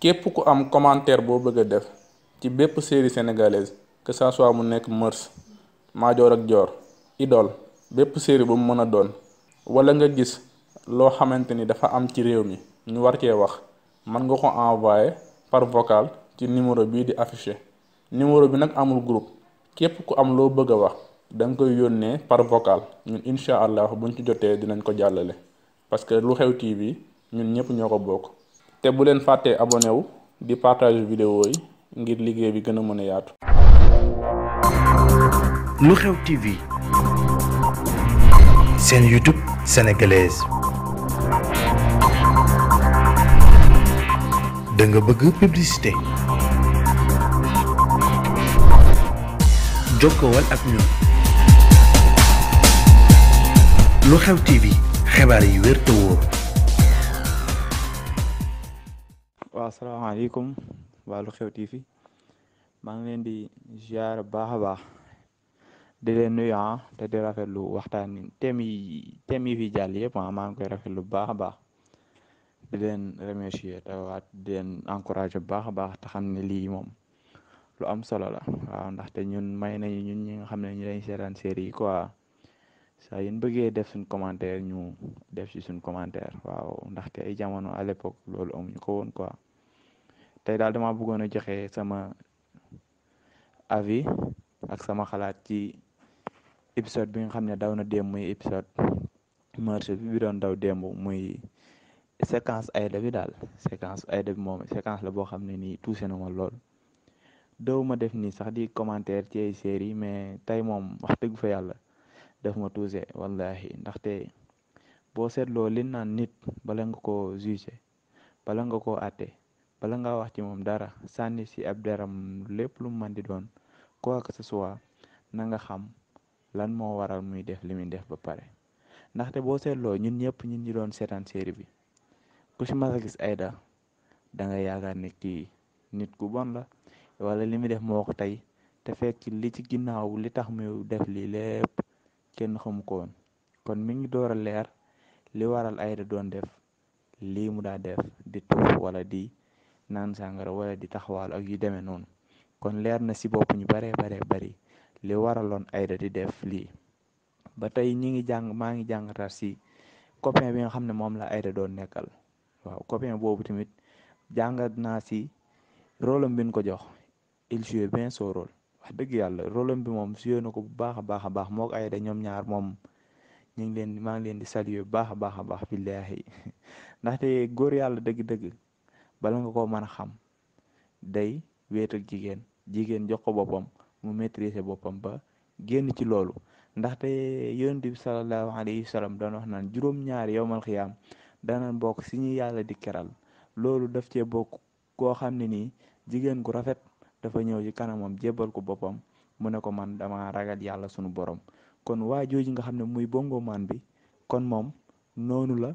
képp ku am commentaire boo bëgg def ci bépp série sénégalaise que ça soit mu nekk Mœurs Madior ak Dior Idole bépp série bu mu mën a doon wala nga gis loo xamante ni dafa am ci réew mi ñu war cee wax mën nga ko envoyé par vocal ci numéro bii di affiché numéro bi nag amul group képp ku am loo bëgg a wax da nga koy yónnee par vocal ñun incha allah buñ ci jotee dinañ ko jàllale parce que lu xew TV ñun ñëpp ñoo ko bokk. te bu leen fàttee abonné wu di partage vidéo yi ngir liggéey bi gën a mën a yaatu. lu xew TV seen YouTube sénégalaise da bëgg publicité jokkowal ak ñun lu xew TV xibaar yi wér wóor. waaw salaamaaleykum waa Lu Xew TV maa ngi leen di ziar baax a baax di leen nuyu ah, te di rafetlu waxtaan thème yi thème yi fi jàll yëpp ah, maa ngi koy rafetlu baax a baax di leen remercier te waat di encourage encouragé baax a baax te xam ne lii moom lu am solo la waaw ndaxte ñun may nañu ñun ñi nga xam ne ñu dañ seetaan série yi quoi saa yéen bëggee def suñ commentaire ñu def ci suñ commentaire waaw ndaxte ay jamono à l'époque loolu amuñu ko woon quoi tey daal dama bëggoon a joxe sama avis ak sama xalaat ci épisode bi xam ne daw na démb muy épisode marché bi doon daw démb muy séquence Aida bi daal séquence Aida bi moom séquence la boo xam ne nii touché na ma lool doo ma def nii sax di commentaire ci ay série mais tey moom wax dëgg fa yàlla daf ma touché wallahi ndaxte boo seetloo li naan nit bala nga koo jugé bala nga koo àtte bala nga wax ci moom dara sànni si ab deram lépp lu mën di doon quoi que ce soit na nga xam lan moo waral muy def li muy def ba pare ndaxte boo seetloo ñun ñëpp ñun ñi doon seetaan série bi ku si mas a gis Aida da yaakaar ne kii nit ku bon la wala li muy def mo ko tey te fekk li ci ginnaaw li tax muy def lii lépp kenn xamu ko kon mi ngi door a leer li waral ayda doon def li mu daa def di tuuf wala di naan sàngara wala di taxawaal ak yi demee noonu kon leer na si bopp ñu baree baree bari li waraloon Aida di def lii ba tey ñi ngi jàng maa ngi jàngataat ci copain bi nga xam ne moom la Aida doon nekkal waaw copain boobu tamit jàngat naa ci rôle am bi ko jox il joue bien son rôle wax dëgg yàlla rôle am bi moom joué na ko bu baax a baax a baax moog Aida ñoom ñaar moom ñu ngi leen maa ngi leen di saluer bu baax a baax a baax billaahi ndaxte góor yàlla dëgg-dëgg bala nga ko mën a xam day wéet ak jigéen jigéen jox ko boppam mu maîtriser boppam ba génn ci loolu ndaxte yonent bi sallallahu alayhi wa sallam doon wax naan juróom-ñaari yowmal xiyaam dana bokk si ñu yàlla di keral loolu daf cee bokk koo xam ne nii jigéen gu rafet dafa ñëw ci kanamam jébbal ko boppam mu ne ko man dama ragal yàlla sunu borom kon waa jooju nga xam ne muy bongo maan bi kon moom noonu la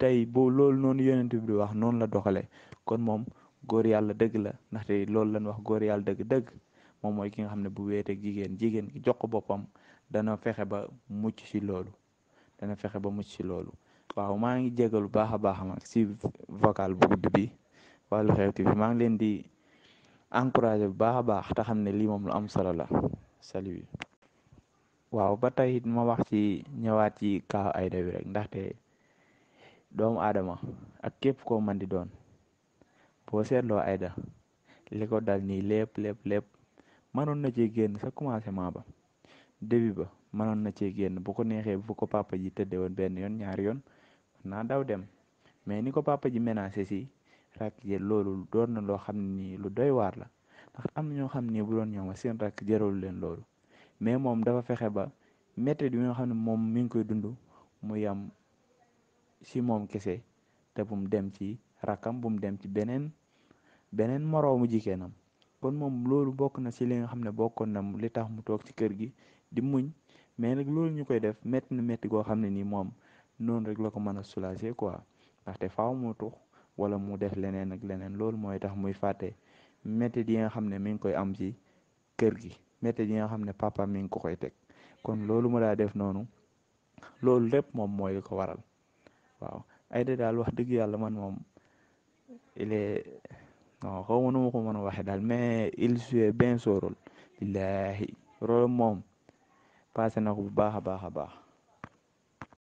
tey boo loolu noonu yonent bi di wax noonu la doxalee kon moom góor yàlla dëgg la ndaxte loolu lañ wax góor yàlla dëgg-dëgg moom mooy ki nga xam ne bu weeteeg jigéen jigéen gi jox ko boppam dana fexe ba mucc ci loolu dana fexe ba mucc ci loolu waaw maa ngi jégalu baax a baax nag ci vocal bu gudd bi Lou Xew TV maa ngi leen di encouragé bu baax a baax te xam ne lii moom lu am solo la salut waaw ba tey ma wax ci ñëwaat ci kaaw Aida bi rek ndaxte doomu aadama ak képp koo man di doon boo seetloo ayda li ko dal nii lépp lépp lépp mënoon na cee génn sa commencement ba début ba mënoon na cee génn bu ko neexee bu ko papa ji tëddee woon benn yoon ñaari yoon mën naa daw dem mais ni ko papa ji menacé si rakk ji loolu doon na loo xam nii lu doy waar la ndax am na ñoo xam ni bu doon ñoom seen rakk jëralu leen loolu mais moom dafa fexe ba métti bi xam ne moom mi ngi koy dund mu yam si moom kese te bu mu dem ci rakkam bu mu dem ci beneen beneen moroomu jigéenam kon moom loolu bokk na ci li nga xam ne bokkoon na li tax mu toog ci kër gi di muñ mais nag loolu ñu koy def métti na métti goo xam ne nii moom noonu rek la ko mën a soulager quoi ndaxte faaw mu tux wala mu def leneen ak leneen loolu mooy tax muy fàtte métti yi nga xam ne mi ngi koy am ci kër gi métti yi nga xam ne papa mi ngi ko koy teg kon loolu mu daa def noonu loolu lépp moom mooy li ko waral. waaw Aida daal wax dëgg yàlla man moom il est non xaw ma nu ma ko mën a waxee daal mais il joue bien son rôle billaahi rôle moom passé na ko bu baax a baax a baax.